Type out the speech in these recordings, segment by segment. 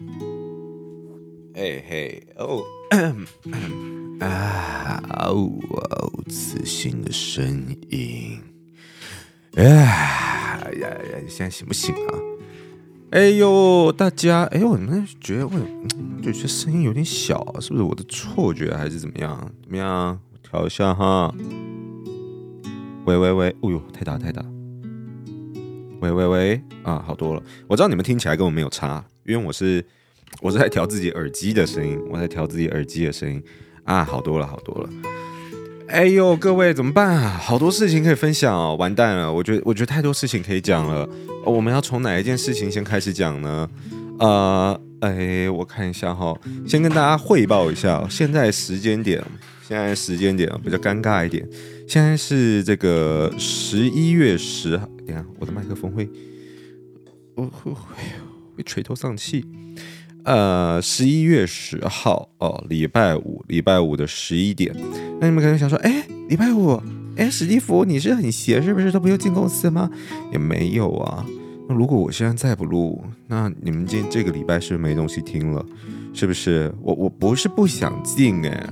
哎嘿，嘿哦，啊哦，哦，啊嗚！磁性的聲音，哎呀呀，你現在行不行啊？哎呦，大家，哎呦，我怎麼覺得我就覺得聲音有點小？是不是我的錯覺還是怎麼樣？怎麼樣？我調一下哈。喂喂喂，哦呦，呦，太大太大。喂喂喂，啊，好多了。我知道你們聽起來跟我沒有差。因為我是，我是在調自己耳機的聲音，我在調自己耳機的聲音，啊，好多了，好多了，哎呦，各位怎麼辦啊？好多事情可以分享哦，完蛋了，我覺得我覺得太多事情可以講了，哦，我們要從哪一件事情先開始講呢？呃，哎，我看一下哈，哦，先跟大家匯報一下，哦，現在時間點，現在時間點比較尷尬一點，現在是這個十一月十號，等下我的麥克風會，我會。垂頭喪氣，呃，十一月十號哦，禮拜五，禮拜五的十一點。那你們可能想說，哎，禮拜五，哎，史蒂夫，你是很閒是不是？都不用進公司嗎？也沒有啊。那如果我現在再不錄，那你們今這個禮拜是不是沒東西聽了，是不是？我我不是不想進哎。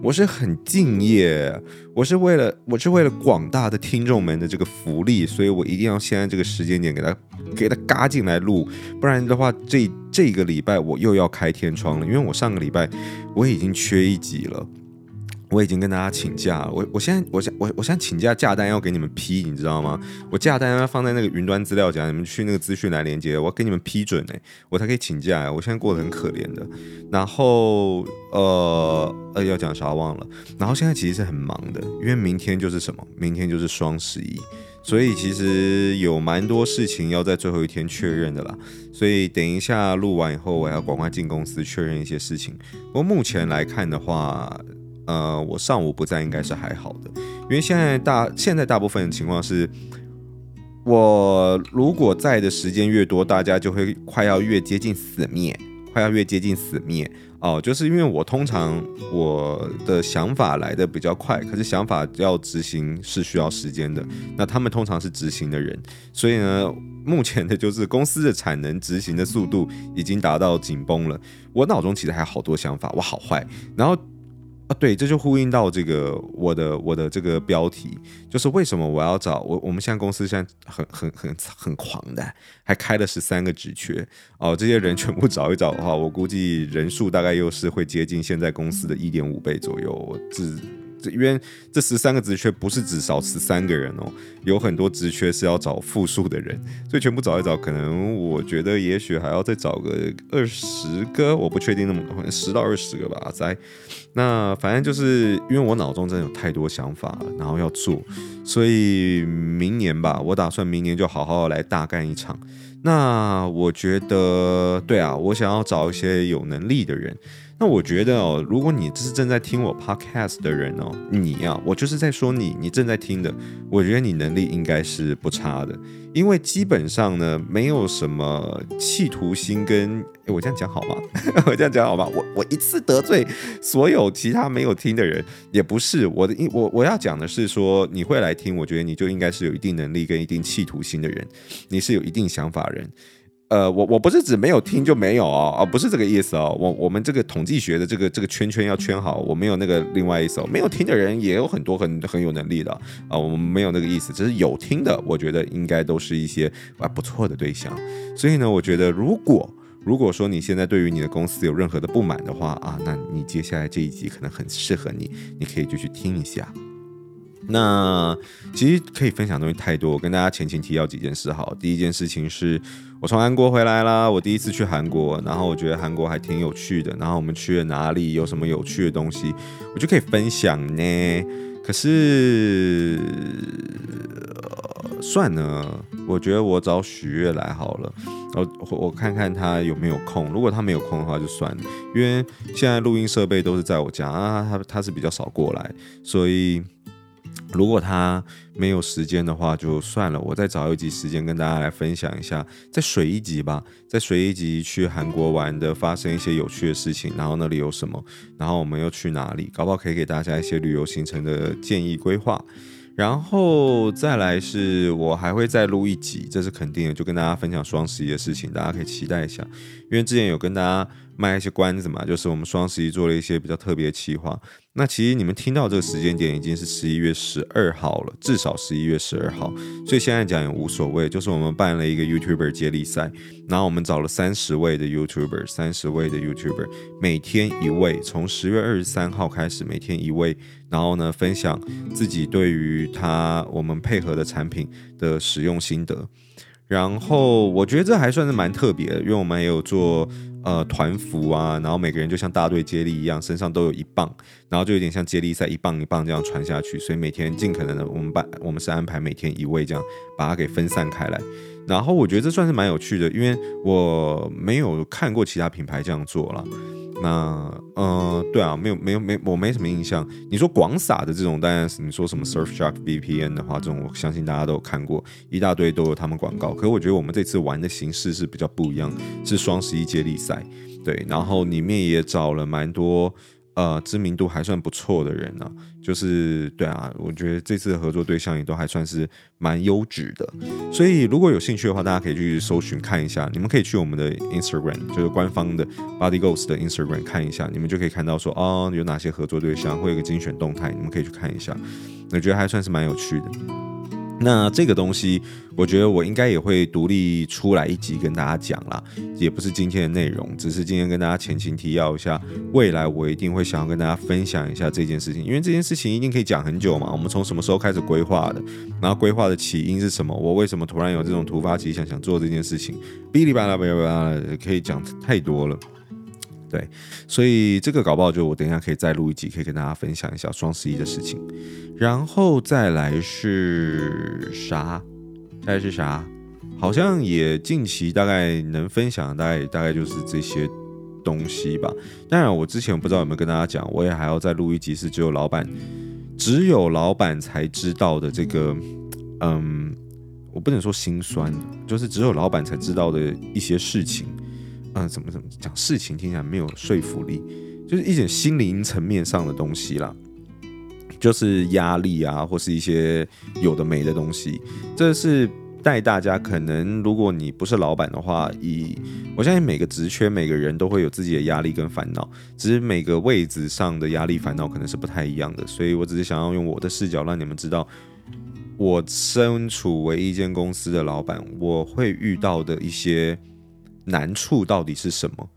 我是很敬業，我是為了我是為了廣大的聽眾們的這個福利，所以我一定要先在這個時間點給他給他嘎進來錄，不然的話，這這個禮拜我又要開天窗了，因為我上個禮拜我已經缺一集了。我已經跟大家請假了，我我現在我想我我想請假假單要給你們批，你知道嗎？我假單要放在那個雲端資料夾，你們去那個資訊來連接，我要給你們批准哎，我才可以請假呀。我現在過得很可憐的，然後呃呃要、哎、講啥忘了，然後現在其實是很忙的，因為明天就是什麼，明天就是雙十一，所以其實有蠻多事情要在最後一天確認的啦。所以等一下錄完以後，我要趕快進公司確認一些事情。不過目前來看的話。呃，我上午不在，應該是還好的，因為現在大現在大部分的情況是，我如果在的時間越多，大家就會快要越接近死滅，快要越接近死滅哦，呃，就是因為我通常我的想法來的比較快，可是想法要執行是需要時間的，那他們通常是執行的人，所以呢，目前的就是公司的產能執行的速度已經達到緊繃了，我腦中其實還有好多想法，我好壞，然後。啊，對，這就呼應到這個我的我的這個標題，就是為什麼我要找我我們現在公司現在很很很很狂的，還開了十三個職缺哦，這些人全部找一找的話，我估計人數大概又是會接近現在公司的一點五倍左右。我自因為這十三個職缺不是只少十三個人哦，有很多職缺是要找複數的人，所以全部找一找，可能我覺得也許還要再找個二十個，我不確定那麼多，好像十到二十個吧，在、啊、那反正就是因為我腦中真的有太多想法了，然後要做，所以明年吧，我打算明年就好好來大幹一場。那我覺得對啊，我想要找一些有能力的人。那我覺得哦，如果你這是正在聽我 podcast 的人哦，你呀、啊，我就是在說你，你正在聽的，我覺得你能力應該是不差的，因為基本上呢，沒有什麼企圖心跟，誒我這， 我這樣講好嗎？我這樣講好吧？我我一次得罪所有其他沒有聽的人也不是我的，我我，我要講的是說你會來聽，我覺得你就應該是有一定能力跟一定企圖心的人，你是有一定想法人。呃，我我不是指沒有聽就沒有哦，啊、呃，不是這個意思哦。我我們這個統計學的這個這個圈圈，要圈好，我沒有那個另外一手。沒有聽的人也有很多很很有能力的啊、呃，我們沒有那個意思，只是有聽的，我覺得應該都是一些啊不錯的對象。所以呢，我覺得如果如果說你現在對於你的公司有任何的不滿的話啊，那你接下來這一集可能很適合你，你可以就去聽一下。那其實可以分享的東西太多，我跟大家前情提要幾件事好。第一件事情是，我從韓國回來啦，我第一次去韓國，然後我覺得韓國還挺有趣的。然後我們去了哪裡，有什麼有趣的東西，我就可以分享呢。可是，呃，算了，我覺得我找許悅來好了。我我看看他有沒有空，如果他沒有空的話就算了，因為現在錄音設備都是在我家啊，他他是比較少過來，所以。如果他沒有時間的話，就算了。我再找一集時間跟大家來分享一下，再水一集吧，再水一集去韓國玩的發生一些有趣的事情，然後那裡有什麼，然後我們又去哪裡，搞不好可以給大家一些旅遊行程的建議規劃。然後再來是我還會再錄一集，這是肯定的，就跟大家分享雙十一的事情，大家可以期待一下，因為之前有跟大家。賣一些關子嘛，就是我們雙十一做了一些比較特別的企劃。那其實你們聽到這個時間點已經是十一月十二號了，至少十一月十二號，所以現在講也無所謂。就是我們辦了一個 YouTuber 接力賽，然後我們找了三十位的 YouTuber，三十位的 YouTuber 每天一位，從十月二十三號開始，每天一位，然後呢，分享自己對於他、我們配合的產品的使用心得。然後我覺得這還算是蠻特別的，因為我們也有做。呃，團服啊，然後每個人就像大隊接力一樣，身上都有一棒，然後就有點像接力賽，一棒一棒這樣傳下去。所以每天盡可能的，我們把我們是安排每天一位這樣，把它給分散開來。然後我覺得這算是蠻有趣的，因為我沒有看過其他品牌這樣做了。那呃，對啊，沒有沒有沒，我沒什麼印象。你說廣撒的這種，當然 e 你說什麼 Surfshark VPN 的話，這種我相信大家都有看過，一大堆都有他們廣告。可是我覺得我們這次玩的形式是比較不一樣，是雙十一接力賽，對。然後裡面也找了蠻多。呃，知名度還算不錯的人呢、啊，就是對啊，我覺得這次的合作對象也都還算是蠻優質的，所以如果有興趣的話，大家可以去搜尋看一下。你們可以去我們的 Instagram，就是官方的 Body Ghost 的 Instagram 看一下，你們就可以看到說啊、哦、有哪些合作對象，會有個精選動態，你們可以去看一下，我覺得還算是蠻有趣的。那這個東西，我覺得我應該也會獨立出來一集跟大家講啦。也不是今天的內容，只是今天跟大家前情提要一下，未來我一定會想要跟大家分享一下這件事情，因為這件事情一定可以講很久嘛。我們從什麼時候開始規劃的，然後規劃的起因是什麼，我為什麼突然有這種突發奇想想做這件事情，嗶哩吧啦嗶哩吧啦，可以講太多了。對，所以這個搞不好就我等一下可以再錄一集，可以跟大家分享一下雙十一的事情，然後再來是啥？再來是啥？好像也近期大概能分享，大概大概就是這些東西吧。當然，我之前不知道有沒有跟大家講，我也還要再錄一集，是只有老闆只有老闆才知道的這個，嗯，我不能說心酸，就是只有老闆才知道的一些事情。啊，怎麼怎麼講事情聽起來沒有說服力，就是一種心靈層面上的東西啦，就是壓力啊，或是一些有的沒的東西。這是帶大家，可能如果你不是老闆的話，以我相信每個職缺，每個人都會有自己的壓力跟煩惱。只是每個位置上的壓力煩惱可能是不太一樣的，所以我只是想要用我的視角，讓你們知道，我身處為一間公司的老闆，我會遇到的一些。難處到底是什麼？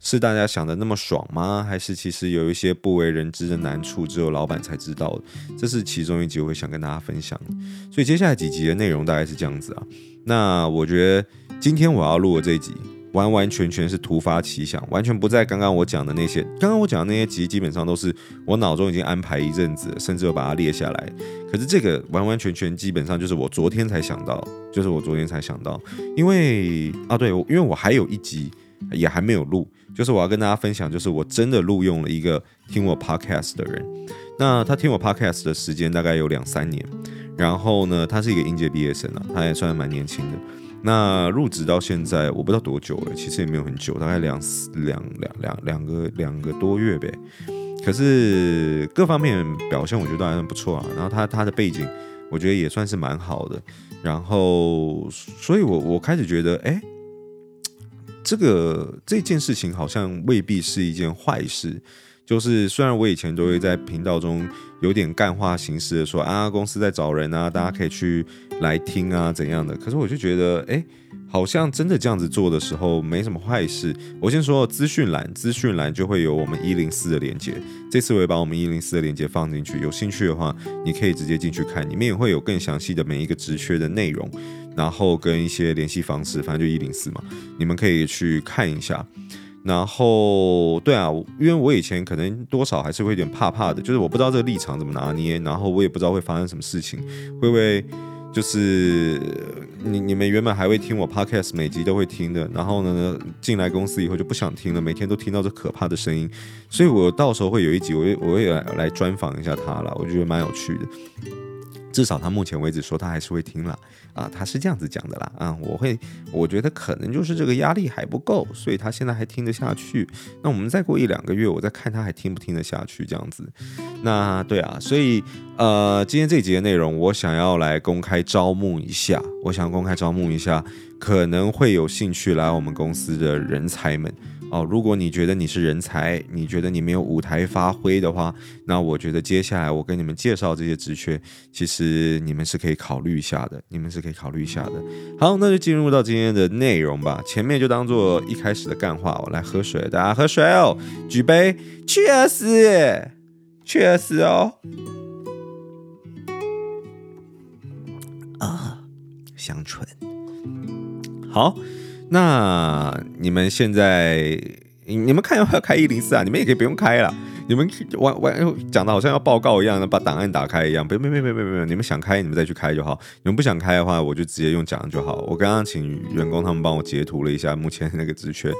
是大家想的那麼爽嗎？還是其實有一些不為人知的難處，只有老闆才知道？這是其中一集，我會想跟大家分享。所以接下來幾集的內容大概是這樣子啊。那我覺得今天我要錄的這一集。完完全全是突發奇想，完全不在剛剛我講的那些。剛剛我講的那些集，基本上都是我腦中已經安排一陣子，甚至有把它列下來。可是這個完完全全基本上就是我昨天才想到，就是我昨天才想到。因為啊，對，因為我還有一集也還沒有錄，就是我要跟大家分享，就是我真的錄用了一個聽我 podcast 的人。那他聽我 podcast 的時間大概有兩三年，然後呢，他是一個應屆畢業生啊，他也算蠻年輕的。那入職到現在，我不知道多久了，其實也沒有很久，大概兩兩兩兩兩個兩個多月唄。可是各方面表現，我覺得都還算不錯啊。然後他他的背景，我覺得也算是蠻好的。然後，所以我，我我開始覺得，誒，這個這件事情好像未必是一件壞事。就是雖然我以前都會在頻道中有點幹話形式的說啊，公司在找人啊，大家可以去來聽啊怎樣的，可是我就覺得哎、欸，好像真的這樣子做的時候沒什麼壞事。我先說資訊欄，資訊欄就會有我們一零四的鏈接，這次我也把我們一零四的鏈接放進去，有興趣的話你可以直接進去看，裡面也會有更詳細的每一個職缺的內容，然後跟一些聯繫方式，反正就一零四嘛，你們可以去看一下。然後，對啊，因為我以前可能多少還是會有點怕怕的，就是我不知道這個立場怎麼拿捏，然後我也不知道會發生什麼事情，會不會就是你你們原本還會聽我 podcast，每集都會聽的，然後呢進來公司以後就不想聽了，每天都聽到這可怕的聲音，所以我到時候會有一集，我我也來，來專訪一下他了，我覺得蠻有趣的。至少他目前為止說他還是會聽了啊，他是這樣子講的啦，啊、嗯，我會，我覺得可能就是這個壓力還不夠，所以他現在還聽得下去。那我們再過一兩個月，我再看他還聽不聽得下去這樣子。那對啊，所以呃，今天這集的內容我想要來公開招募一下，我想公開招募一下，可能會有興趣來我們公司的人才們。哦，如果你覺得你是人才，你覺得你沒有舞台發揮的話，那我覺得接下來我跟你們介紹這些職缺，其實你們是可以考慮一下的，你們是可以考慮一下的。好，那就進入到今天的內容吧，前面就當做一開始的幹話。我來喝水，大家喝水哦，舉杯，Cheers，Cheers 哦。啊，香醇，好。那你們現在，你們看要不要開一零四啊？你們也可以不用開了。你們玩玩講的好像要報告一樣的，把檔案打開一樣，別別別別，你們想開你們再去開就好。你們不想開的話，我就直接用講就好。我剛剛請員工他們幫我截圖了一下，目前那個職缺，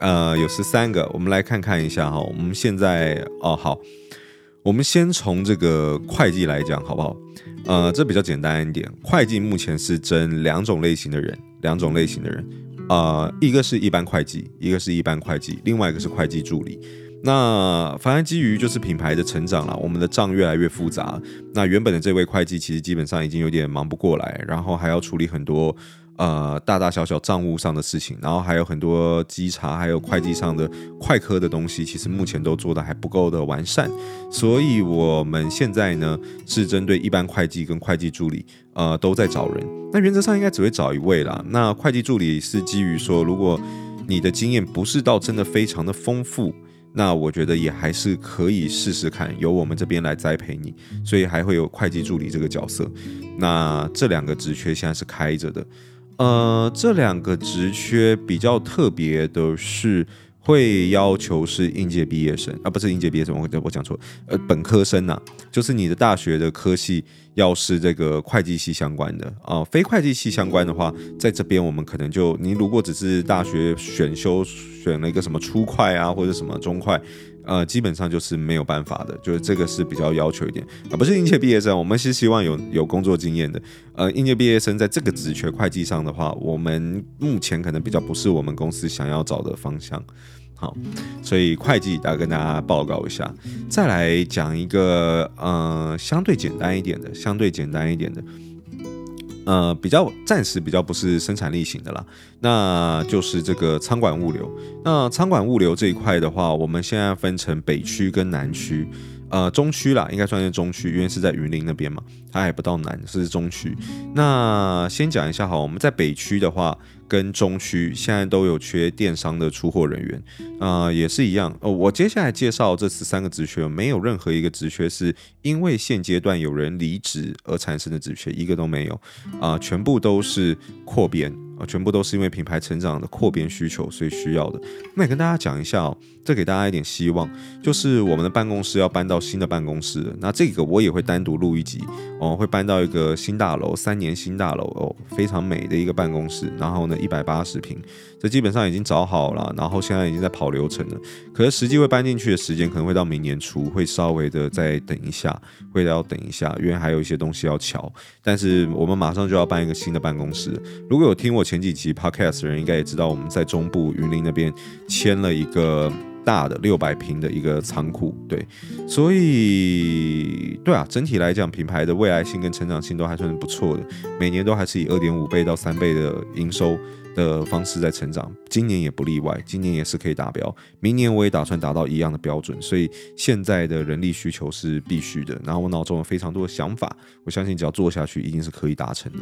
呃，有十三個。我們來看看一下哈、哦。我們現在哦好，我們先從這個會計來講好不好？呃，這比較簡單一點。會計目前是徵兩種類型的人，兩種類型的人。呃，一個是一般會計，一個是一般會計，另外一個是會計助理。那反而基於就是品牌的成長啦，我們的賬越來越複雜。那原本的這位會計其實基本上已經有點忙不過來，然後還要處理很多呃大大小小賬務上的事情，然後還有很多稽查，還有會計上的快科的東西，其實目前都做得還不夠的完善。所以我們現在呢是針對一般會計跟會計助理，呃都在找人。那原則上應該只會找一位啦。那會計助理是基於說，如果你的經驗不是到真的非常的豐富。那我覺得也還是可以試試看，由我們這邊來栽培你，所以還會有會計助理這個角色。那這兩個職缺現在是開着的，呃，這兩個職缺比較特別的是。會要求是應屆畢業生啊，不是應屆畢業生，我我講錯，呃，本科生吶、啊，就是你的大學的科系要是這個會計系相關的啊，呃、非會計系相關的話，在這邊我們可能就你如果只是大學選修選了一個什麼初會啊，或者什麼中會，呃，基本上就是沒有辦法的，就是這個是比較要求一點啊，不是應屆畢業生，我們是希望有有工作經驗的，呃，應屆畢業生在這個職缺會計上的話，我們目前可能比較不是我們公司想要找的方向。好，所以會計要跟大家報告一下，再來講一個，呃，相對簡單一點的，相對簡單一點的，呃，比較暫時比較不是生產力型的啦，那就是這個倉管物流。那倉管物流這一塊的話，我們現在分成北區跟南區。呃，中區啦，應該算是中區，因為是在雲林那邊嘛，它還不到南，是中區。那先講一下好，我們在北區的話，跟中區現在都有缺電商的出貨人員，啊、呃，也是一樣。哦、呃，我接下來介紹這十三個職缺，沒有任何一個職缺是因為現階段有人離職而產生的職缺，一個都沒有，啊、呃，全部都是擴編。全部都是因為品牌成長的擴編需求，所以需要的。那也跟大家講一下哦，這給大家一點希望，就是我們的辦公室要搬到新的辦公室，那這個我也會單獨錄一集哦，會搬到一個新大樓，三年新大樓哦，非常美的一個辦公室。然後呢，一百八十平。這基本上已經找好了，然後現在已經在跑流程了。可是實際會搬進去的時間可能會到明年初，會稍微的再等一下，會要等一下，因為還有一些東西要敲。但是我們馬上就要搬一個新的辦公室。如果有聽我前幾集 Podcast 的人，應該也知道我們在中部雲林那邊簽了一個。大的六百平的一個倉庫，對，所以對啊，整體來講，品牌的未來性跟成長性都還算是不錯的，每年都還是以二點五倍到三倍的營收的方式在成長，今年也不例外，今年也是可以達標，明年我也打算達到一樣的標準，所以現在的人力需求是必須的，然後我腦中有非常多的想法，我相信只要做下去，一定是可以達成的。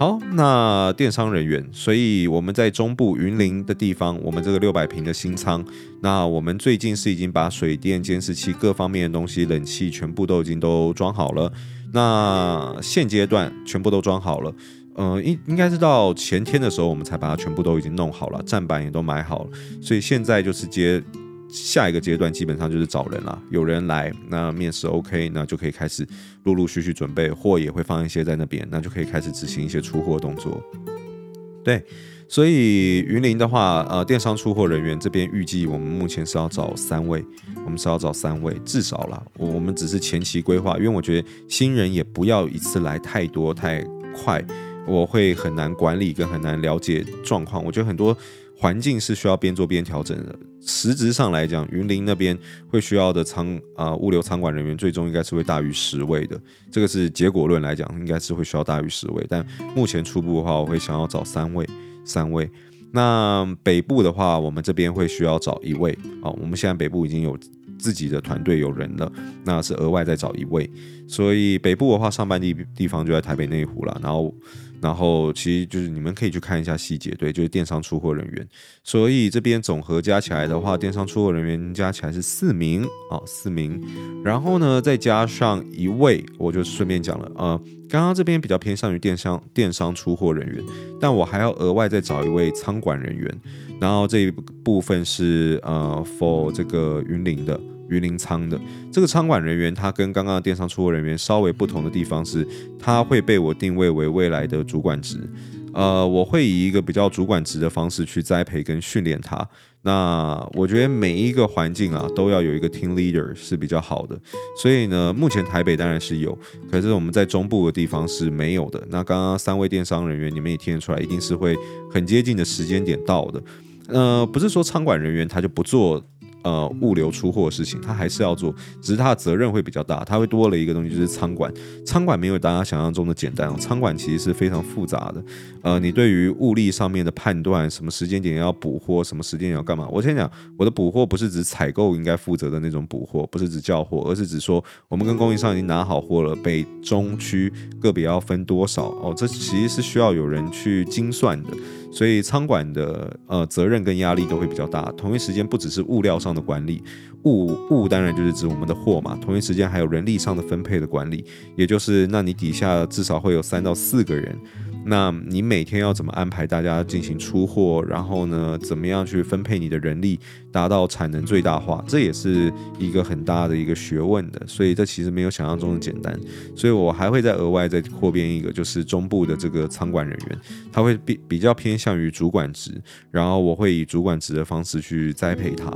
好，那電商人員，所以我們在中部雲林的地方，我們這個六百平的新倉，那我們最近是已經把水電、監視器各方面的東西、冷氣全部都已經都裝好了。那現階段全部都裝好了，嗯、呃，應應該是到前天的時候，我們才把它全部都已經弄好了，棧板也都買好了，所以現在就是接。下一個階段基本上就是找人了，有人來，那面試 OK，那就可以開始陸陸續續準備貨，或也會放一些在那邊，那就可以開始執行一些出貨動作。對，所以雲林的話，呃，電商出貨人員這邊預計我們目前是要找三位，我們是要找三位，至少啦。我我們只是前期規劃，因為我覺得新人也不要一次來太多太快，我會很難管理跟很難了解狀況。我覺得很多環境是需要邊做邊調整的。實質上來講，雲林那邊會需要的倉啊、呃、物流倉管人員最終應該是會大於十位的，這個是結果論來講，應該是會需要大於十位。但目前初步的話，我會想要找三位，三位。那北部的話，我們這邊會需要找一位啊、哦，我們現在北部已經有自己的團隊有人了，那是額外再找一位。所以北部的話，上班地地方就在台北內湖了，然後。然後其實就是你們可以去看一下細節，對，就是電商出貨人員。所以這邊總和加起來的話，電商出貨人員加起來是四名啊、哦，四名。然後呢，再加上一位，我就順便講了啊、呃，剛剛這邊比較偏向於電商，電商出貨人員，但我還要額外再找一位倉管人員。然後這一部分是呃，for 這個雲林的。雲林倉的這個倉管人員，他跟剛剛的電商出貨人員稍微不同的地方是，他會被我定位為未來的主管職。呃，我會以一個比較主管職的方式去栽培跟訓練他。那我覺得每一個環境啊，都要有一個 team leader 是比較好的。所以呢，目前台北當然是有，可是我們在中部的地方是沒有的。那剛剛三位電商人員，你們也聽得出來，一定是會很接近的時間點到的。呃，不是說倉管人員他就不做。呃，物流出貨的事情，他還是要做，只是他的責任會比較大，他會多了一個東西，就是倉管。倉管沒有大家想象中的簡單哦，倉管其實是非常複雜的。呃，你對於物流上面的判斷，什麼時間點要補貨，什麼時間點要幹嘛？我先講，我的補貨不是指採購應該負責的那種補貨，不是指叫貨，而是指說我們跟供應商已經拿好貨了，北中區個別要分多少哦，這其實是需要有人去精算的。所以倉管的呃責任跟壓力都會比較大，同一時間不只是物料上的管理，物物當然就是指我們的貨嘛。同一時間還有人力上的分配的管理，也就是，那你底下至少會有三到四個人，那你每天要怎麼安排大家進行出貨？然後呢，怎麼樣去分配你的人力，達到產能最大化？這也是一個很大的一個學問的，所以這其實沒有想象中的簡單。所以我還會再額外再擴編一個，就是中部的這個倉管人員，他會比比較偏向於主管職，然後我會以主管職的方式去栽培他。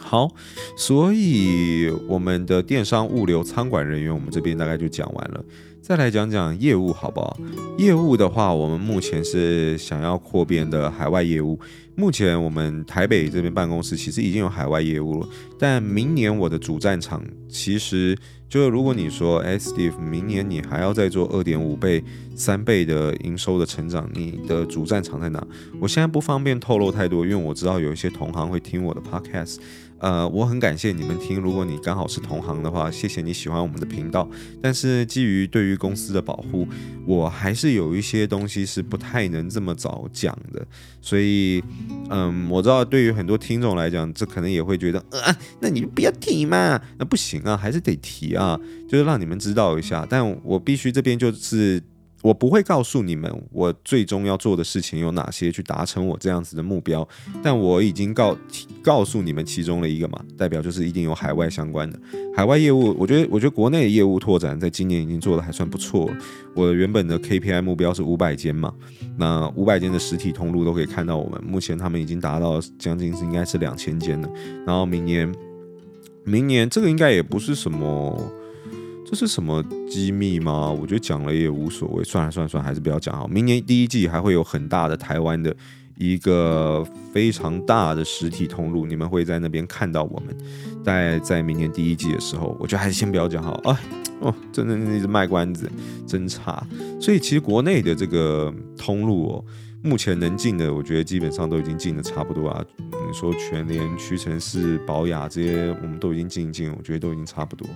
好，所以我們的電商物流倉管人員，我們這邊大概就講完了。再來講講業務，好不好？業務的話，我們目前是想要擴編的海外業務。目前我們台北這邊辦公室其實已經有海外業務了，但明年我的主戰場其實就是，如果你說，哎，Steve，明年你還要再做二點五倍、三倍的營收的成長，你的主戰場在哪？我現在不方便透露太多，因為我知道有一些同行會聽我的 Podcast。呃，我很感謝你們聽。如果你剛好是同行的話，謝謝你喜歡我們的頻道。但是基於對於公司的保護，我還是有一些東西是不太能這麼早講的。所以，嗯、呃，我知道對於很多聽眾來講，這可能也會覺得，啊、呃，那你不要提嘛，那不行啊，還是得提啊，就是讓你們知道一下。但我必須這邊就是。我不會告訴你們我最終要做的事情有哪些，去達成我這樣子的目標。但我已經告告訴你們其中的一個嘛，代表就是一定有海外相關的海外業務。我覺得，我覺得國內的業務拓展在今年已經做得還算不錯。我原本的 KPI 目標是五百間嘛，那五百間的實體通路都可以看到，我們目前他們已經達到將近是應該是兩千間了。然後明年，明年這個應該也不是什麼。這是什麼機密嗎？我覺得講了也無所謂，算了算了，算了，算還是不要講好。明年第一季還會有很大的台灣的一個非常大的實體通路，你們會在那邊看到我們。在在明年第一季的時候，我覺得還是先不要講好。哎、啊、哦，真的那是賣關子，真差。所以其實國內的這個通路哦。目前能進的，我覺得基本上都已經進的差不多啊。你說全聯、屈臣氏、寶雅這些，我們都已經進一進，我覺得都已經差不多。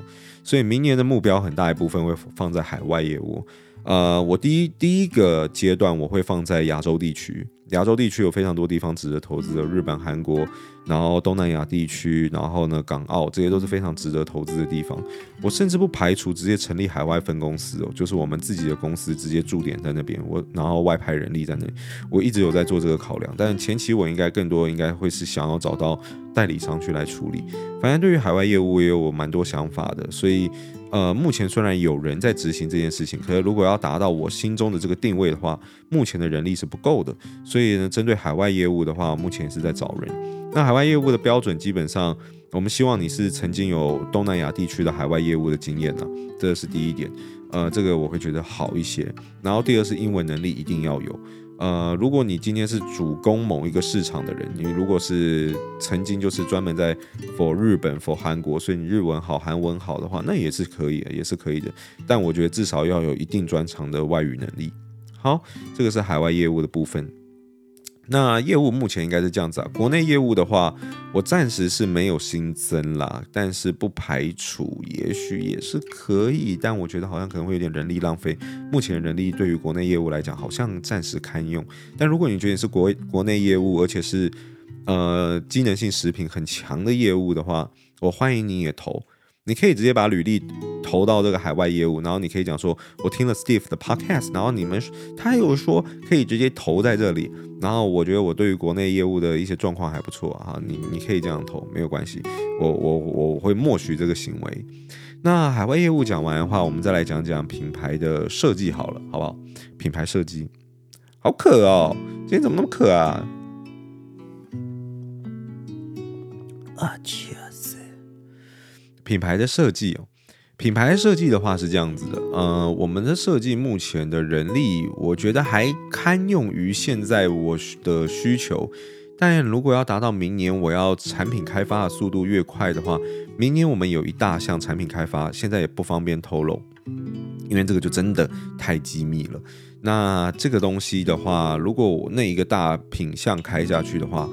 所以明年的目標很大一部分會放在海外業務。呃，我第一第一個階段我會放在亞洲地區，亞洲地區有非常多地方值得投資的，日本、韓國，然後東南亞地區，然後呢，港澳，這些都是非常值得投資的地方。我甚至不排除直接成立海外分公司哦，就是我們自己的公司直接駐點在那邊，我然後外派人力在那，我一直有在做這個考量。但前期我應該更多應該會是想要找到代理商去來處理。反正對於海外業務也有蠻多想法的，所以。呃，目前雖然有人在執行這件事情，可是如果要達到我心中的這個定位的話，目前的人力是不夠的。所以呢，針對海外業務的話，目前是在找人。那海外業務的標準，基本上我們希望你是曾經有東南亞地區的海外業務的經驗吶，這是第一點。呃，這個我會覺得好一些。然後第二是英文能力一定要有。呃，如果你今天是主攻某一個市場的人，你如果是曾經就是專門在 for 日本，for 韓國，所以你日文好，韓文好的話，那也是可以，也是可以的。但我覺得至少要有一定專長的外語能力。好，這個是海外業務的部分。那業務目前應該是這樣子啊，國內業務的話，我暫時是沒有新增啦，但是不排除也許也是可以，但我覺得好像可能會有點人力浪費。目前人力對於國內業務來講，好像暫時堪用。但如果你覺得你是國國內業務，而且是呃機能性食品很強的業務的話，我歡迎你也投。你可以直接把履歷投到這個海外業務，然後你可以講說，我聽了 Steve 的 podcast，然後你們他又說可以直接投在這裡，然後我覺得我對於國內業務的一些狀況還不錯啊，你你可以這樣投沒有關係，我我我會默許這個行為。那海外業務講完的話，我們再來講講品牌的設計好了，好不好？品牌設計，好渴哦，今天怎麼那麼渴啊？啊切！品牌的設計，品牌設計的話是這樣子的，呃，我們的設計目前的人力，我覺得還堪用於現在我的需求，但如果要達到明年我要產品開發的速度越快的話，明年我們有一大項產品開發，現在也不方便透露，因為這個就真的太機密了。那這個東西的話，如果我那一個大品項開下去的話。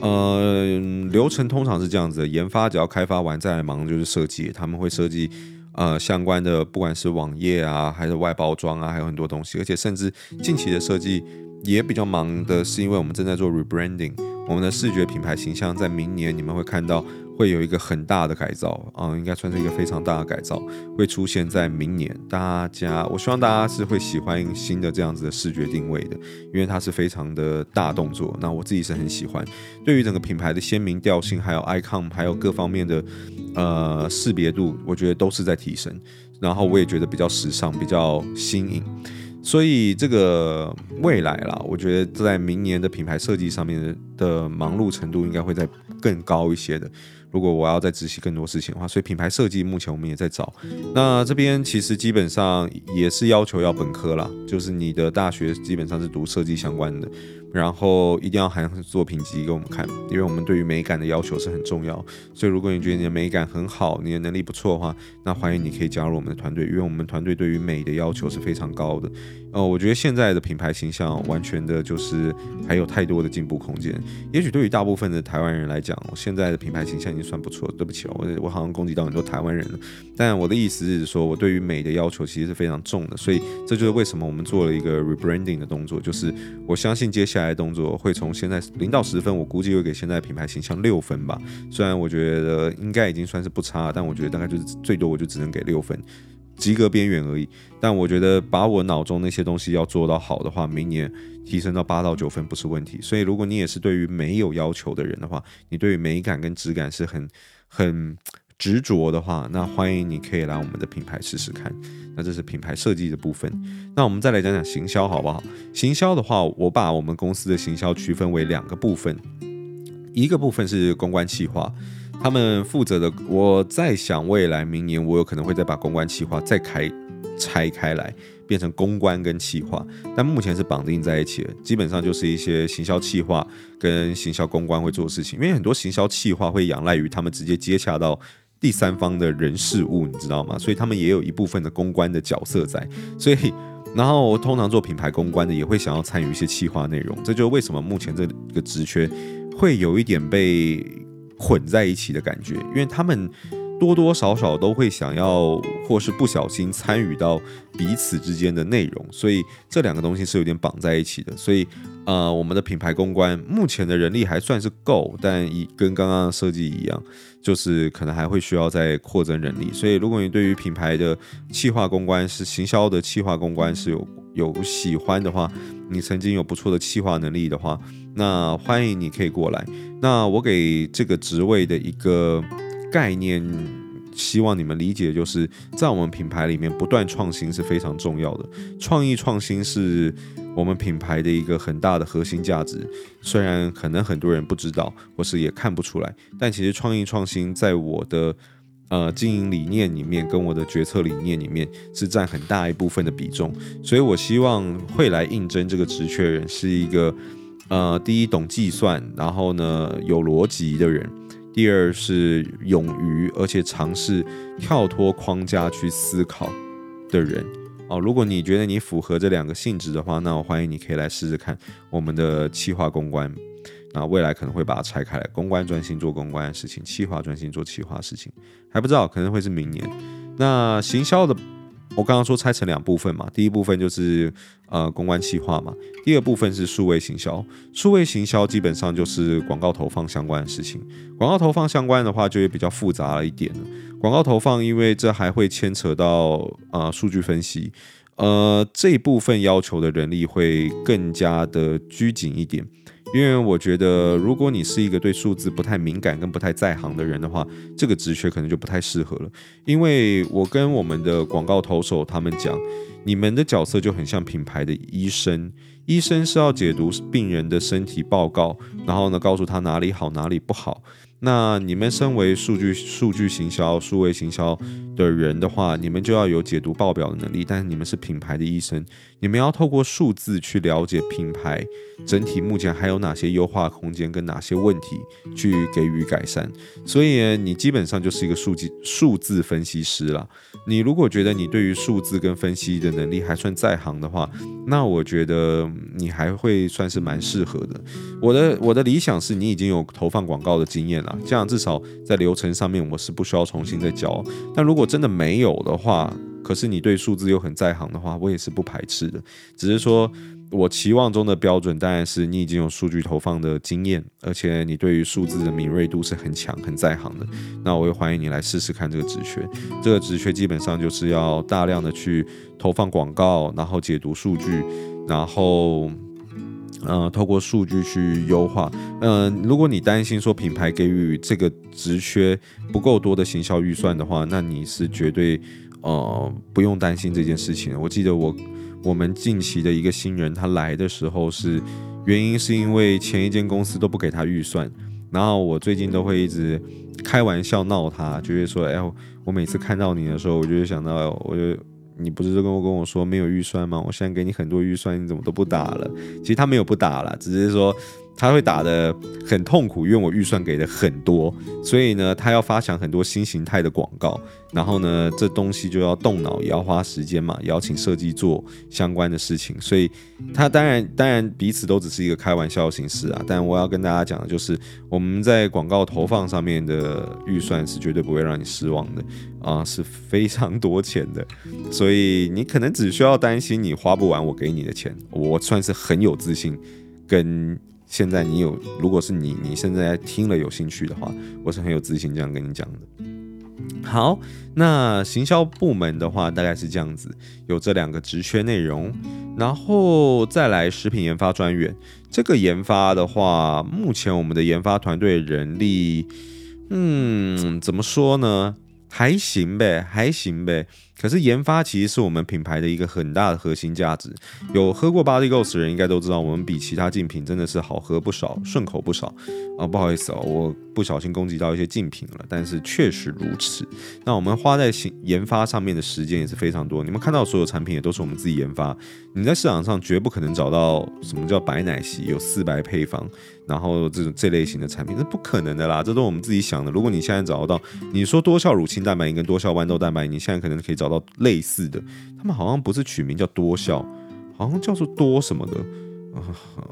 呃，流程通常是這樣子的：研發只要開發完，再來忙就是設計。他們會設計，呃，相關的不管是網頁啊，還是外包裝啊，還有很多東西。而且，甚至近期的設計也比較忙的，是因為我們正在做 rebranding，我們的視覺品牌形象在明年你們會看到。會有一個很大的改造啊。嗯，應該算是一個非常大的改造，會出現在明年。大家，我希望大家是會喜歡新的這樣子的視覺定位的，因為它是非常的大動作。那我自己是很喜歡，對於整個品牌的鮮明調性，還有 icon，還有各方面的呃識別度，我覺得都是在提升。然後我也覺得比較時尚，比較新穎。所以這個未來啦，我覺得在明年的品牌設計上面的，的忙碌程度應該會再更高一些的。如果我要再執行更多事情的話，所以品牌設計目前我們也在找。那這邊其實基本上也是要求要本科啦，就是你的大學基本上是讀設計相關的。然後一定要含作品集給我們看，因為我們對於美感的要求是很重要。所以如果你覺得你的美感很好，你的能力不錯的話，那歡迎你可以加入我們的團隊，因為我們團隊對於美的要求是非常高的。哦、呃，我覺得現在的品牌形象、哦、完全的就是還有太多的進步空間。也許對於大部分的台灣人來講，現在的品牌形象已經算不錯了。對不起、哦，我我好像攻擊到很多台灣人了。但我的意思是說，我對於美的要求其實是非常重的。所以這就是為什麼我們做了一個 rebranding 的動作，就是我相信接下來。該動作會從現在零到十分，我估計會給現在品牌形象六分吧。雖然我覺得應該已經算是不差，但我覺得大概就是最多我就只能給六分，及格邊緣而已。但我覺得把我腦中那些東西要做到好的話，明年提升到八到九分不是問題。所以如果你也是對於沒有要求的人的話，你對於美感跟質感是很很。執着的話，那歡迎你可以來我們的品牌試試看。那這是品牌設計的部分。那我們再來講講行銷，好不好？行銷的話，我把我們公司的行銷區分為兩個部分，一個部分是公關企劃，他們負責的。我在想未來明年，我有可能會再把公關企劃再開拆開來，變成公關跟企劃，但目前是綁定在一起的。基本上就是一些行銷企劃跟行銷公關會做的事情，因為很多行銷企劃會仰賴於他們直接接洽到。第三方的人事物，你知道嗎？所以他們也有一部分的公關的角色在，所以然後我通常做品牌公關的也會想要參與一些企劃內容。這就是為什麼目前這個職缺會有一點被混在一起的感覺，因為他們。多多少少都會想要，或是不小心參與到彼此之間的內容，所以這兩個東西是有點綁在一起的。所以，呃，我們的品牌公關目前的人力還算是夠，但一跟剛剛的設計一樣，就是可能還會需要再擴增人力。所以，如果你對於品牌的企劃公關是行銷的企劃公關是有有喜歡的話，你曾經有不錯的企劃能力的話，那歡迎你可以過來。那我給這個職位的一個。概念，希望你們理解，就是在我們品牌裡面不斷創新是非常重要的。創意創新是我們品牌的一個很大的核心價值。雖然可能很多人不知道，或是也看不出來，但其實創意創新在我的呃經營理念裡面，跟我的決策理念裡面是佔很大一部分的比重。所以我希望會來應徵這個職缺人是一個呃，第一懂計算，然後呢有邏輯的人。第二是勇於而且嘗試跳脫框架去思考的人哦。如果你覺得你符合這兩個性質的話，那我歡迎你可以來試試看我們的企劃公關。那未來可能會把它拆開來，公關專心做公關的事情，企劃專心做企劃事情，還不知道可能會是明年。那行銷的。我剛剛說拆成兩部分嘛，第一部分就是呃公關企劃嘛，第二部分是數位行銷。數位行銷基本上就是廣告投放相關的事情，廣告投放相關的話就會比較複雜一點。廣告投放因為這還會牽扯到啊數據分析，呃這一部分要求的人力會更加的拘謹一點。因為我覺得，如果你是一個對數字不太敏感跟不太在行的人的話，這個職缺可能就不太適合了。因為我跟我們的廣告投手他們講，你們的角色就很像品牌的醫生，醫生是要解讀病人的身體報告，然後呢，告訴他哪裡好，哪裡不好。那你們身為數據數據行銷、數位行銷的人的話，你們就要有解讀報表的能力。但是你們是品牌的醫生，你們要透過數字去了解品牌整體目前還有哪些優化空間跟哪些問題去給予改善。所以你基本上就是一個數據數字分析師了。你如果覺得你對於數字跟分析的能力還算在行的話，那我覺得你還會算是蠻適合的。我的我的理想是你已經有投放廣告的經驗了。這樣至少在流程上面我是不需要重新再教。但如果真的沒有的話，可是你對數字又很在行的話，我也是不排斥的。只是說我期望中的標準當然是你已經有數據投放的經驗，而且你對於數字的敏銳度是很強、很在行的。那我也歡迎你來試試看這個職缺。這個職缺基本上就是要大量的去投放廣告，然後解讀數據，然後。呃，透過數據去優化。嗯、呃，如果你擔心說品牌給予這個職缺不夠多的行銷預算的話，那你是絕對呃不用擔心這件事情。我記得我我們近期的一個新人，他來的時候是原因是因為前一間公司都不給他預算，然後我最近都會一直開玩笑鬧他，就是說，哎，我每次看到你的時候，我就想到，哎，我就。你不是都跟我跟我說沒有預算嗎？我現在給你很多預算，你怎麼都不打了？其實他沒有不打了，只是說。他會打得很痛苦，因為我預算給的很多，所以呢，他要發想很多新形態的廣告，然後呢，這東西就要動腦，也要花時間嘛，也要請設計做相關的事情，所以他當然當然彼此都只是一個開玩笑形式啊。但我要跟大家講的就是，我們在廣告投放上面的預算是絕對不會讓你失望的啊，呃，是非常多錢的，所以你可能只需要擔心你花不完我給你的錢，我算是很有自信跟。現在你有，如果是你，你現在聽了有興趣的話，我是很有自信這樣跟你講的。好，那行銷部門的話，大概是這樣子，有這兩個職缺內容，然後再來食品研發專員。這個研發的話，目前我們的研發團隊人力，嗯，怎麼說呢？還行唄，還行唄。可是研發其實是我們品牌的一個很大的核心價值。有喝過 Body Ghost 的人應該都知道，我們比其他競品真的是好喝不少，順口不少啊！不好意思啊，哦，我。不小心攻擊到一些競品了，但是確實如此。那我們花在研發上面的時間也是非常多。你們看到所有產品也都是我們自己研發。你在市場上絕不可能找到什麼叫白奶昔，有四白配方，然後這種這類型的產品，這不可能的啦。這都是我們自己想的。如果你現在找得到，你說多效乳清蛋白飲跟多效豌豆蛋白飲，你現在可能可以找到類似的，他們好像不是取名叫多效，好像叫做多什麼的。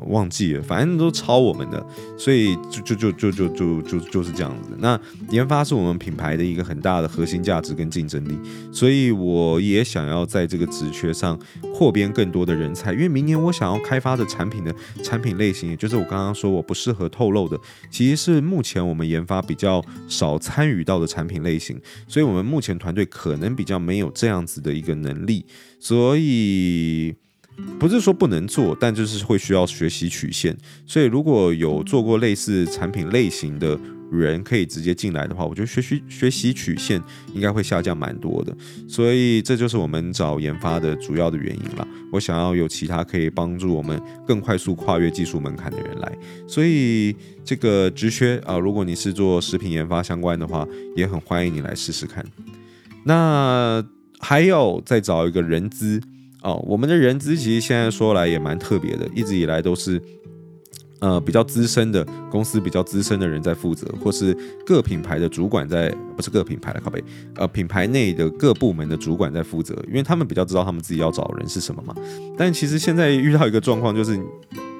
忘記了，反正都抄我們的，所以就就就就就就就就是這樣子。那研發是我們品牌的一個很大的核心價值跟競爭力，所以我也想要在這個職缺上擴編更多的人才，因為明年我想要開發的產品的產品類型，也就是我剛剛說我不適合透露的，其實是目前我們研發比較少參與到的產品類型，所以我們目前團隊可能比較沒有這樣子的一個能力，所以。不是說不能做，但就是會需要學習曲線。所以如果有做過類似產品類型的人可以直接進來的話，我覺得學習學習曲線應該會下降蠻多的。所以這就是我們找研發的主要的原因了。我想要有其他可以幫助我們更快速跨越技術門檻的人來。所以這個職缺啊、呃，如果你是做食品研發相關的話，也很歡迎你來試試看。那還有再找一個人資。哦，我們的人資其實現在說來也蠻特別的，一直以來都是，呃，比較資深的公司比較資深的人在負責，或是各品牌的主管在，不是各品牌的，靠北，呃，品牌內的各部門的主管在負責，因為他們比較知道他們自己要找的人是什麼嘛。但其實現在遇到一個狀況就是。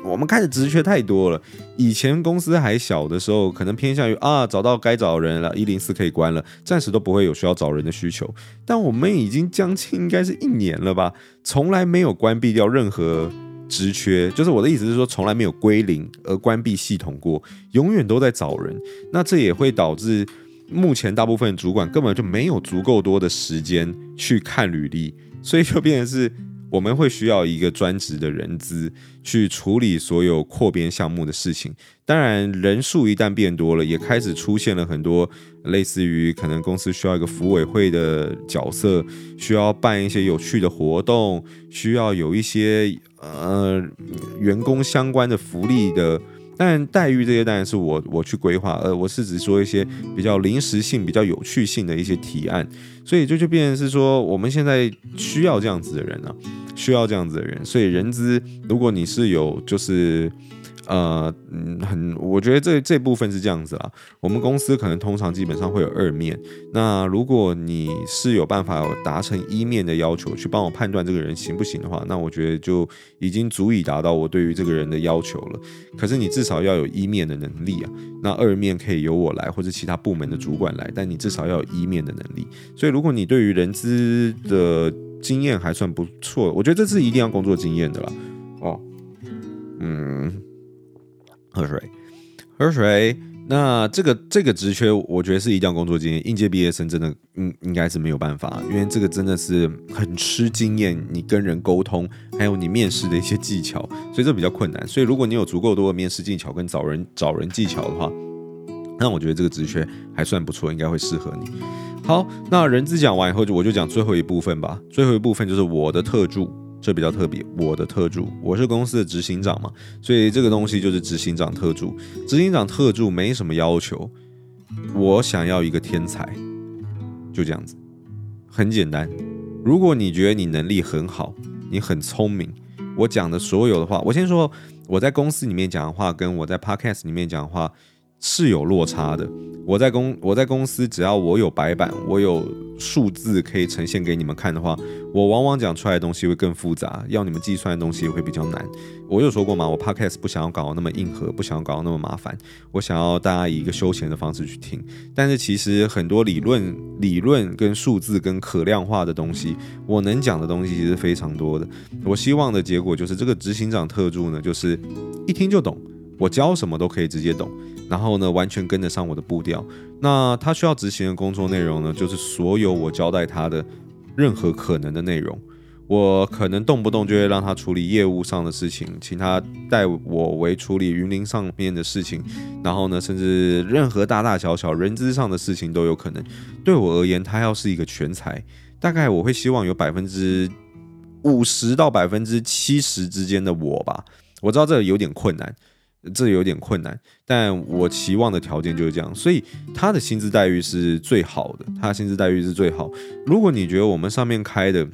我們開始職缺太多了。以前公司還小的時候，可能偏向於啊，找到該找人了，104可以關了，暫時都不會有需要找人的需求。但我們已經將近應該是一年了吧，從來沒有關閉掉任何職缺，就是我的意思是說，從來沒有歸零而關閉系統過，永遠都在找人。那這也會導致目前大部分主管根本就沒有足夠多的時間去看履歷，所以就變成是。我們會需要一個專職的人資去處理所有擴編項目的事情。當然，人數一旦變多了，也開始出現了很多類似於可能公司需要一個福委會的角色，需要辦一些有趣的活動，需要有一些呃員工相關的福利的。但待遇這些當然是我，我去規劃。呃，我是指說一些比較臨時性、比較有趣性的一些提案。所以這就變成是說，我們現在需要這樣子的人啊。需要這樣子的人，所以人資，如果你是有就是，呃，很，我覺得這這部分是這樣子啦。我們公司可能通常基本上會有二面，那如果你是有辦法有達成一面的要求，去幫我判斷這個人行不行的話，那我覺得就已經足以達到我對於這個人的要求了。可是你至少要有一面的能力啊，那二面可以由我來或者其他部門的主管來，但你至少要有一面的能力。所以如果你對於人資的，經驗還算不錯，我覺得這是一定要工作經驗的啦。哦，嗯，喝水，喝水。那這個這個職缺，我覺得是一定要工作經驗。應屆畢業生真的，嗯，應應該是沒有辦法，因為這個真的是很吃經驗。你跟人溝通，還有你面試的一些技巧，所以這比較困難。所以如果你有足夠多的面試技巧跟找人找人技巧的話，那我覺得這個職缺還算不錯，應該會適合你。好，那人資講完以後，就我就講最後一部分吧。最後一部分就是我的特助，這比較特別。我的特助，我是公司的執行長嘛，所以這個東西就是執行長特助。執行長特助沒什麼要求，我想要一個天才，就這樣子，很簡單。如果你覺得你能力很好，你很聰明，我講的所有的話，我先說我在公司裡面講的話，跟我在 podcast 裡面講的話。是有落差的。我在公我在公司，只要我有白板，我有數字可以呈現給你們看的話，我往往講出來的東西會更複雜，要你們計算的東西也會比較難。我有說過嘛？我 podcast 不想要搞那麼硬核，不想要搞那麼麻煩，我想要大家以一個休閒的方式去聽。但是其實很多理論、理論跟數字跟可量化的東西，我能講的東西其實是非常多的。我希望的結果就是這個執行長特助呢，就是一聽就懂，我教什麼都可以直接懂。然後呢，完全跟得上我的步調。那他需要執行的工作內容呢，就是所有我交代他的任何可能的內容。我可能動不動就會讓他處理業務上的事情，請他代我為處理雲林上面的事情。然後呢，甚至任何大大小小人資上的事情都有可能。對我而言，他要是一個全才，大概我會希望有百分之五十到百分之七十之間的我吧。我知道這有點困難。這有點困難，但我期望的條件就是這樣，所以他的薪資待遇是最好的，他的薪資待遇是最好，如果你覺得我們上面開的，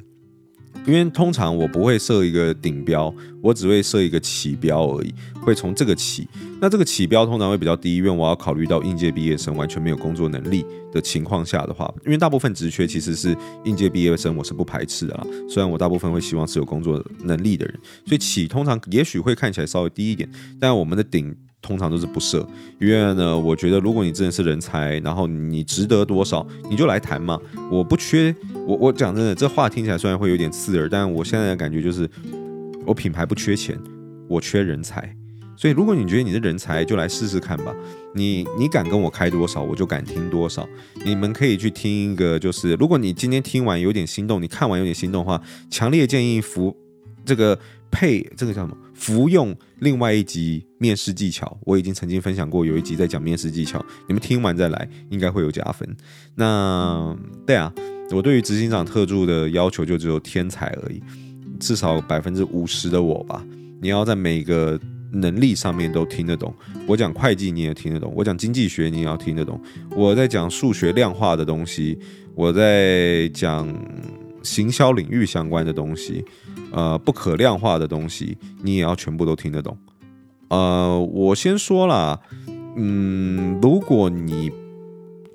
因為通常我不會設一個頂標，我只會設一個起標而已，會從這個起。那這個起標通常會比較低，因為我要考慮到應屆畢業生完全沒有工作能力的情況下的話，因為大部分職缺其實是應屆畢業生，我是不排斥的啊。雖然我大部分會希望是有工作能力的人，所以起通常也許會看起來稍微低一點，但我們的頂。通常都是不設，因為呢，我覺得如果你真的是人才，然後你值得多少，你就來談嘛。我不缺，我我講真的，這話聽起來雖然會有點刺耳，但我現在的感覺就是，我品牌不缺錢，我缺人才。所以如果你覺得你是人才，就來試試看吧。你你敢跟我開多少，我就敢聽多少。你們可以去聽一個，就是如果你今天聽完有點心動，你看完有點心動的話，強烈建議服這個配這個叫什麼？服用另外一集面試技巧，我已經曾經分享過有一集在講面試技巧，你們聽完再來應該會有加分。那對啊，我對於執行長特助的要求就只有天才而已，至少百分之五十的我吧。你要在每個能力上面都聽得懂，我講會計你也聽得懂，我講經濟學你也要聽得懂，我在講數學量化的東西，我在講。行銷領域相關的東西，呃，不可量化的東西，你也要全部都聽得懂。呃，我先說啦，嗯，如果你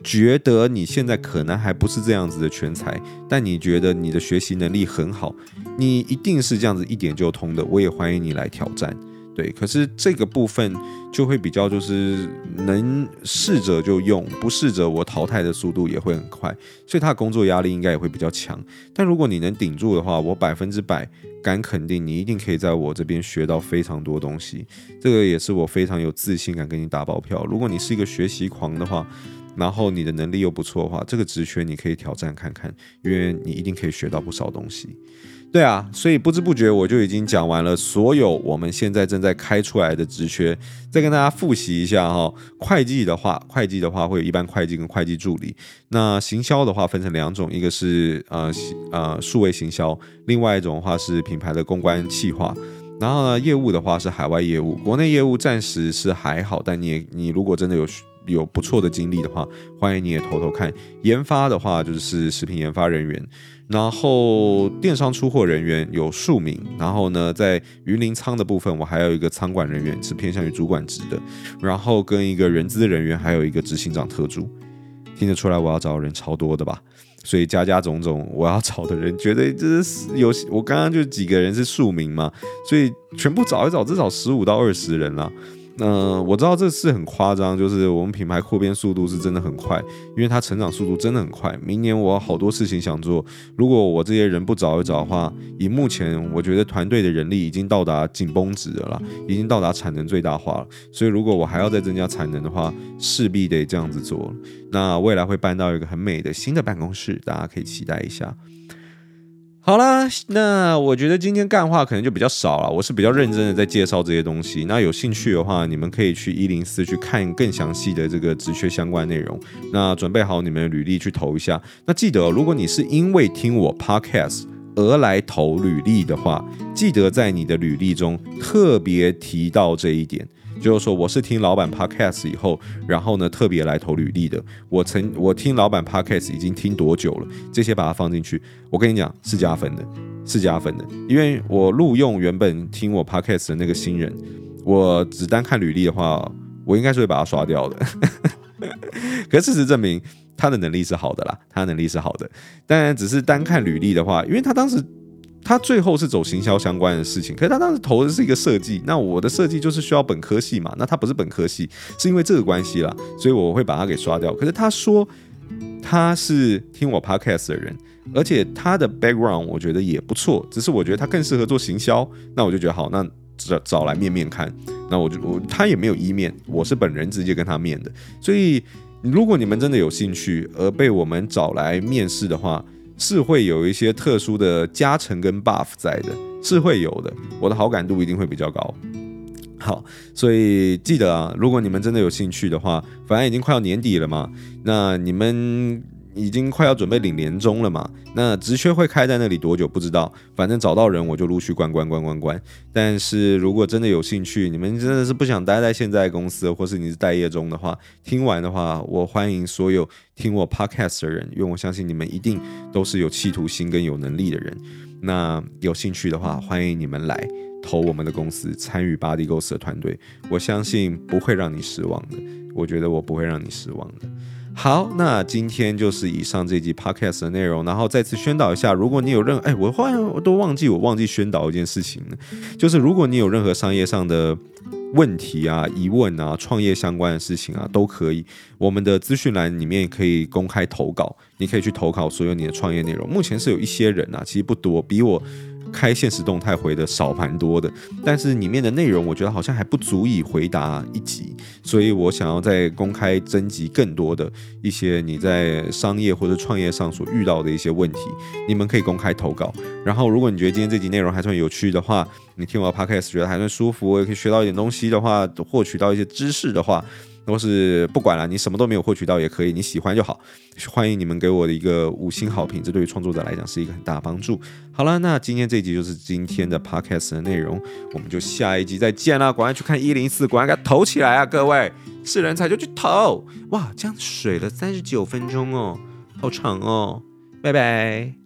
覺得你現在可能還不是這樣子的全才，但你覺得你的學習能力很好，你一定是這樣子一點就通的，我也歡迎你來挑戰。對，可是這個部分就會比較就是能試着就用，不試着我淘汰的速度也會很快，所以他的工作壓力應該也會比較強。但如果你能頂住的話，我百分之百敢肯定，你一定可以在我這邊學到非常多東西。這個也是我非常有自信敢給你打包票。如果你是一個學習狂的話，然後你的能力又不錯的話，這個職缺你可以挑戰看看，因為你一定可以學到不少東西。對啊，所以不知不覺我就已經講完了所有我們現在正在開出來的職缺，再跟大家複習一下哈、哦。會計的話，會計的話會有一般會計跟會計助理。那行銷的話分成兩種，一個是呃呃數位行銷，另外一種的話是品牌的公關企劃。然後呢，業務的話是海外業務，國內業務暫時是還好，但你也你如果真的有。有不錯的經歷的話，歡迎你也投投看。研發的話，就是食品研發人員，然後電商出貨人員有數名，然後呢，在雲林倉的部分，我還有一個倉管人員是偏向於主管職的，然後跟一個人資人員，還有一個執行長特助。聽得出來，我要找人超多的吧？所以加加總總，我要找的人，覺得就是有我剛剛就幾個人是數名嘛，所以全部找一找，至少十五到二十人了。那、呃、我知道這次很誇張，就是我們品牌擴編速度是真的很快，因為它成長速度真的很快。明年我好多事情想做，如果我這些人不找一找的話，以目前我覺得團隊的人力已經到達緊繃值了，已經到達產能最大化了。所以如果我還要再增加產能的話，勢必得這樣子做。那未來會搬到一個很美的新的辦公室，大家可以期待一下。好啦，那我覺得今天幹話可能就比較少了。我是比較認真的在介紹這些東西。那有興趣的話，你們可以去一零四去看更詳細的這個職缺相關內容。那準備好你們的履歷去投一下。那記得哦，如果你是因為聽我 podcast 而來投履歷的話，記得在你的履歷中特別提到這一點。就是說，我是聽老板 Podcast 以後，然後呢，特別來投履歷的。我曾我聽老板 Podcast 已經聽多久了？這些把它放進去，我跟你講是加分的，是加分的。因為我錄用原本聽我 Podcast 的那個新人，我只單看履歷的話，我應該是會把他刷掉的。 可是事實證明，他的能力是好的啦，他的能力是好的。當然，只是單看履歷的話，因為他當時。他最後是走行銷相關的事情，可是他當時投的是一個設計。那我的設計就是需要本科系嘛，那他不是本科系，是因為這個關係啦，所以我會把他給刷掉。可是他說他是聽我 podcast 的人，而且他的 background 我覺得也不錯，只是我覺得他更適合做行銷，那我就覺得好，那找找來面面看。那我就我他也沒有一面，我是本人直接跟他面的。所以如果你們真的有興趣而被我們找來面試的話，是會有一些特殊的加成跟 buff 在的，是會有的。我的好感度一定會比較高。好，所以記得啊，如果你們真的有興趣的話，反正已經快要年底了嘛，那你們。已經快要準備領年終了嘛？那職缺會開在那裡多久不知道，反正找到人我就陸續關關關關關。但是如果真的有興趣，你們真的是不想待在現在公司，或是你是待業中的話，聽完的話，我歡迎所有聽我 podcast 的人，因為我相信你們一定都是有企圖心跟有能力的人。那有興趣的話，歡迎你們來投我們的公司，參與 Bodygos 的團隊。我相信不會讓你失望的，我覺得我不會讓你失望的。好，那今天就是以上這集 Podcast 的內容。然後再次宣導一下，如果你有任何，哎、欸，我好像都忘記，我忘記宣導一件事情了，就是如果你有任何商業上的問題啊、疑問啊、創業相關的事情啊，都可以，我們的資訊欄裡面可以公開投稿，你可以去投稿所有你的創業內容。目前是有一些人啊，其實不多，比我。開現實動態回的少蠻多的，但是裡面的內容我覺得好像還不足以回答一集，所以我想要再公開徵集更多的一些你在商業或者創業上所遇到的一些問題，你們可以公開投稿。然後，如果你覺得今天這集內容還算有趣的話，你聽我的 podcast 覺得還算舒服，也可以學到一點東西的話，獲取到一些知識的話。都是不管了，你什麼都沒有獲取到也可以，你喜歡就好。歡迎你們給我的一個五星好評，這對於創作者來講是一個很大幫助。好了，那今天這一集就是今天的 podcast 的內容，我們就下一集再見啦。趕快去看一零四，趕快給它投起來啊，各位是人才就去投哇！這樣子水了三十九分鐘哦，好長哦，拜拜。